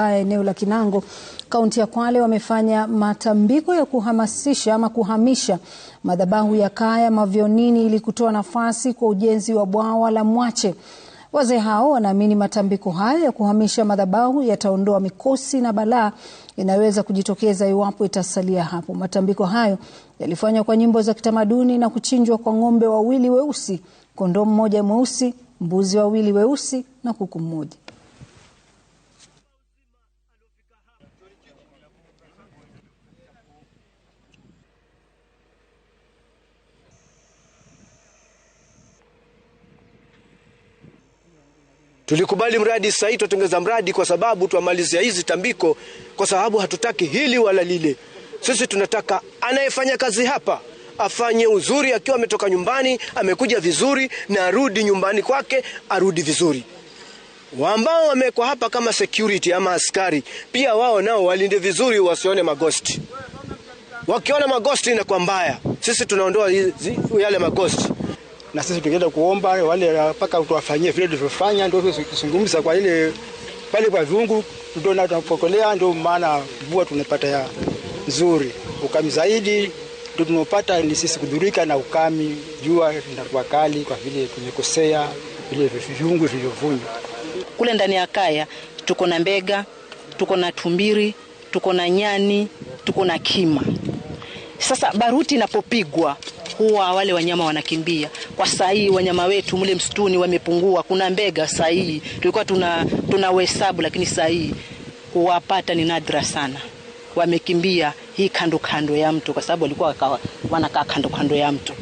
kaya eneo la Kinango, kaunti ya Kwale wamefanya matambiko ya kuhamasisha ama kuhamisha madhabahu ya kaya Mavyonini ili kutoa nafasi kwa ujenzi wa bwawa la Mwache. Wazee hao wanaamini matambiko hayo ya kuhamisha madhabahu yataondoa mikosi na balaa inayoweza kujitokeza iwapo itasalia hapo. Matambiko hayo yalifanywa kwa nyimbo za kitamaduni na kuchinjwa kwa ng'ombe wawili weusi, kondoo mmoja mweusi, mbuzi wawili weusi na kuku mmoja. Tulikubali mradi, sahii tutengeza mradi kwa sababu tuamalizia hizi tambiko, kwa sababu hatutaki hili wala lile. Sisi tunataka anayefanya kazi hapa afanye uzuri akiwa ametoka nyumbani, amekuja vizuri na arudi nyumbani kwake, arudi vizuri. Ambao wamewekwa hapa kama security ama askari, pia wao nao walinde vizuri, wasione magosti. Wakiona magosti inakuwa mbaya. Sisi tunaondoa yale magosti na sisi tungeenda kuomba wale mpaka tuwafanyie vile tulivyofanya, ndio tunazungumza kwa ile pale kwa viungu, ndio na tunapokolea, ndio maana mvua tunapata ya nzuri. Ukami zaidi ndio tunapata ni sisi kudhurika na ukami, jua linakuwa kali kwa vile tumekosea vile viungu vilivyovunywa Kule ndani ya kaya tuko na mbega, tuko na tumbiri, tuko na nyani, tuko na kima. Sasa baruti inapopigwa huwa wale wanyama wanakimbia. Kwa hii wanyama wetu mle msituni wamepungua, kuna mbega hii tulikuwa tuna tunahesabu, lakini hii kuwapata ni nadra sana, wamekimbia hii kando kando ya mto, kwa sababu walikuwa wanakaa kando kando ya mto.